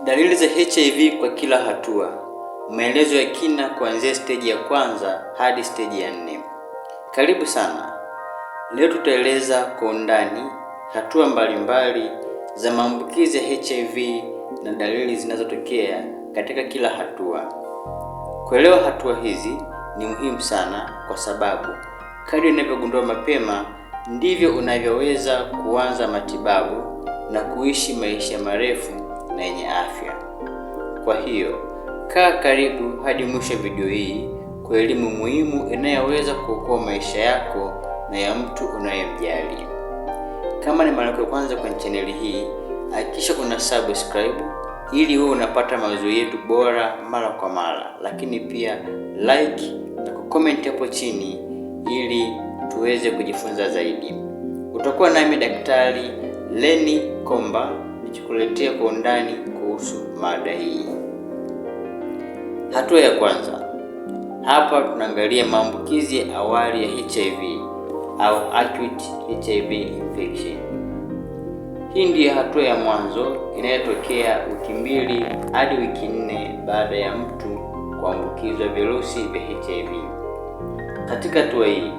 Dalili za HIV kwa kila hatua. Maelezo ya kina kuanzia steji ya kwanza hadi steji ya nne. Karibu sana. Leo tutaeleza kwa undani hatua mbalimbali za maambukizi ya HIV na dalili zinazotokea katika kila hatua. Kuelewa hatua hizi ni muhimu sana kwa sababu kadri unavyogundua mapema ndivyo unavyoweza kuanza matibabu na kuishi maisha marefu na yenye afya. Kwa hiyo kaa karibu hadi mwisho video hii kwa elimu muhimu inayoweza kuokoa maisha yako na ya mtu unayemjali. Kama ni mara ya kwanza kwenye chaneli hii, hakikisha kuna subscribe ili wewe unapata maudhui yetu bora mara kwa mara, lakini pia like na kucomment hapo chini ili tuweze kujifunza zaidi. Utakuwa nami Daktari Lenny Komba nikuletee kwa undani kuhusu mada hii. Hatua ya kwanza, hapa tunaangalia maambukizi ya awali ya HIV au acute HIV infection. Hii ndiyo hatua ya mwanzo inayotokea wiki mbili hadi wiki nne baada ya mtu kuambukizwa virusi vya HIV. Katika hatua hii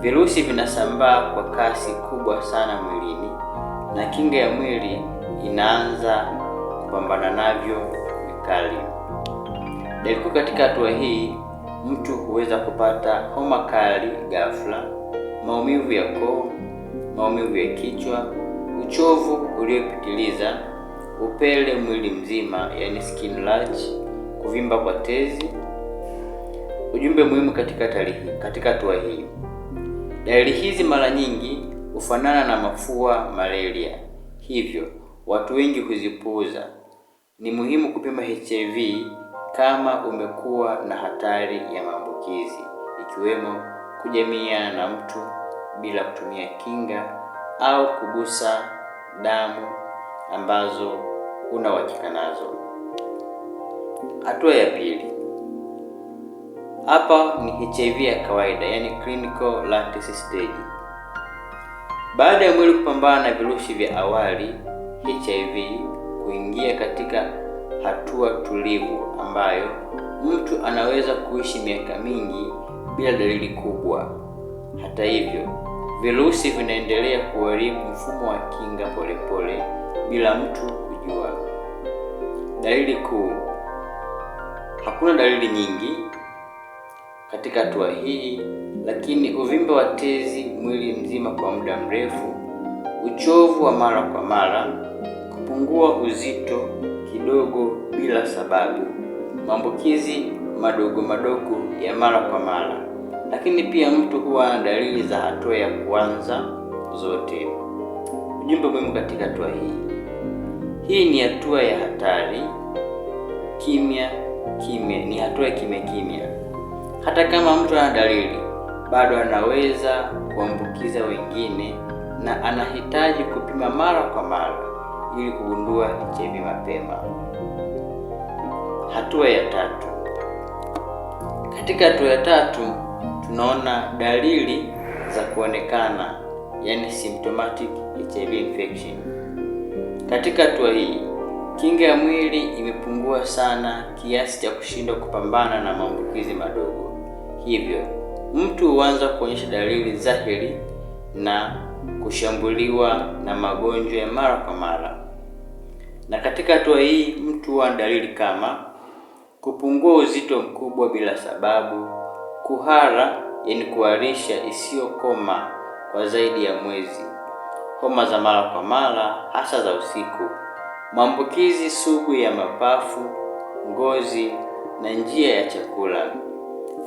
virusi vinasambaa kwa kasi kubwa sana mwilini na kinga ya mwili inaanza kupambana navyo vikali. Dalili kuu katika hatua hii, mtu huweza kupata homa kali ghafla, maumivu ya koo, maumivu ya kichwa, uchovu uliopitiliza, upele mwili mzima, yani skin rash, kuvimba kwa tezi. Ujumbe muhimu katika tarihi, katika hatua hii, dalili hizi mara nyingi hufanana na mafua, malaria, hivyo watu wengi huzipuuza. Ni muhimu kupima HIV kama umekuwa na hatari ya maambukizi, ikiwemo kujamia na mtu bila kutumia kinga au kugusa damu ambazo una uhakika nazo. Hatua ya pili hapa ni HIV ya kawaida, yani clinical latency stage. Baada ya mwili kupambana na virusi vya awali HIV kuingia katika hatua tulivu ambayo mtu anaweza kuishi miaka mingi bila dalili kubwa. Hata hivyo, virusi vinaendelea kuharibu mfumo wa kinga polepole pole, bila mtu kujua. Dalili kuu: hakuna dalili nyingi katika hatua hii, lakini uvimbe wa tezi mwili mzima kwa muda mrefu uchovu wa mara kwa mara, kupungua uzito kidogo bila sababu, maambukizi madogo madogo ya mara kwa mara. Lakini pia mtu huwa na dalili za hatua ya kwanza zote. Ujumbe muhimu katika hatua hii, hii ni hatua ya hatari. Kimya kimya, ni hatua ya kimya kimya. Hata kama mtu ana dalili, bado anaweza kuambukiza wengine na anahitaji kupima mara kwa mara ili kugundua HIV mapema. Hatua ya tatu. Katika hatua ya tatu tunaona dalili za kuonekana, yani symptomatic HIV infection. Katika hatua hii kinga ya mwili imepungua sana kiasi cha kushindwa kupambana na maambukizi madogo, hivyo mtu huanza kuonyesha dalili dhahiri na kushambuliwa na magonjwa ya mara kwa mara. Na katika hatua hii mtu huwa na dalili kama kupungua uzito mkubwa bila sababu, kuhara, yani kuharisha isiyokoma kwa zaidi ya mwezi, homa za mara kwa mara hasa za usiku, maambukizi sugu ya mapafu, ngozi na njia ya chakula,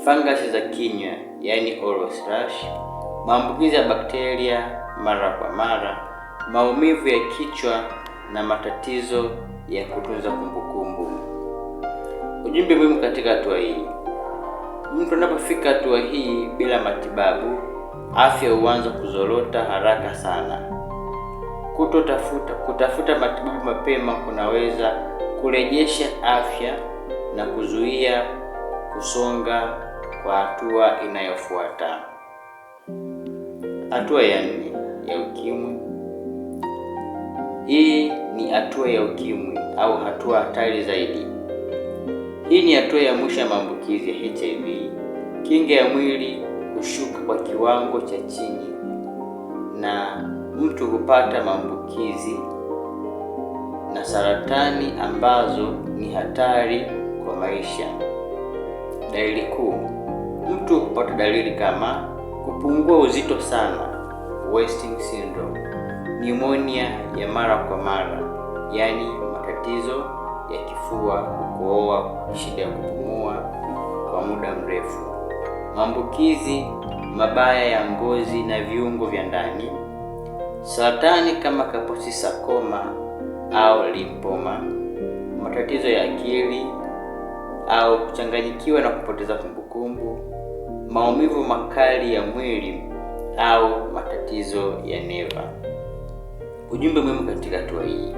fangasi za kinywa, yani oral thrush, maambukizi ya bakteria mara kwa mara, maumivu ya kichwa na matatizo ya kutunza kumbukumbu. Ujumbe muhimu katika hatua hii: mtu anapofika hatua hii bila matibabu, afya huanza kuzorota haraka sana. Kutotafuta kutafuta matibabu mapema kunaweza kurejesha afya na kuzuia kusonga kwa hatua inayofuata. Hatua ya nne ya ukimwi. Hii ni hatua ya ukimwi au hatua hatari zaidi. Hii ni hatua ya mwisho ya maambukizi ya HIV. Kinga ya mwili hushuka kwa kiwango cha chini na mtu hupata maambukizi na saratani ambazo ni hatari kwa maisha. Dalili kuu: mtu hupata dalili kama kupungua uzito sana wasting syndrome, pneumonia ya mara kwa mara, yaani matatizo ya kifua, kukohoa, shida ya kupumua kwa muda mrefu, maambukizi mabaya ya ngozi na viungo vya ndani, saratani kama Kaposi sarcoma au lipoma, matatizo ya akili au kuchanganyikiwa na kupoteza kumbukumbu, maumivu makali ya mwili au matatizo ya neva. Ujumbe muhimu katika hatua hii: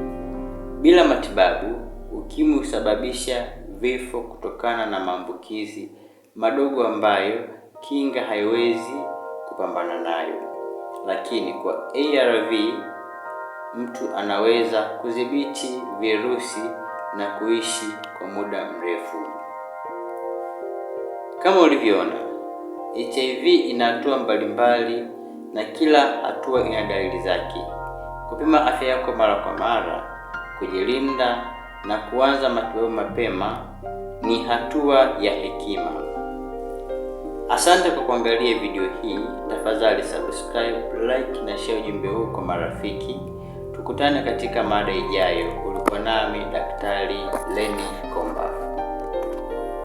bila matibabu, ukimwi husababisha vifo kutokana na maambukizi madogo ambayo kinga haiwezi kupambana nayo, lakini kwa ARV mtu anaweza kudhibiti virusi na kuishi kwa muda mrefu. Kama ulivyoona HIV ina hatua mbalimbali na kila hatua ina dalili zake. Kupima afya yako mara kwa mara, kujilinda na kuanza matibabu mapema ni hatua ya hekima. Asante kwa kuangalia video hii. Tafadhali subscribe, like na share ujumbe huu kwa marafiki. Tukutane katika mada ijayo. Ulikuwa nami Daktari Lenny Komba.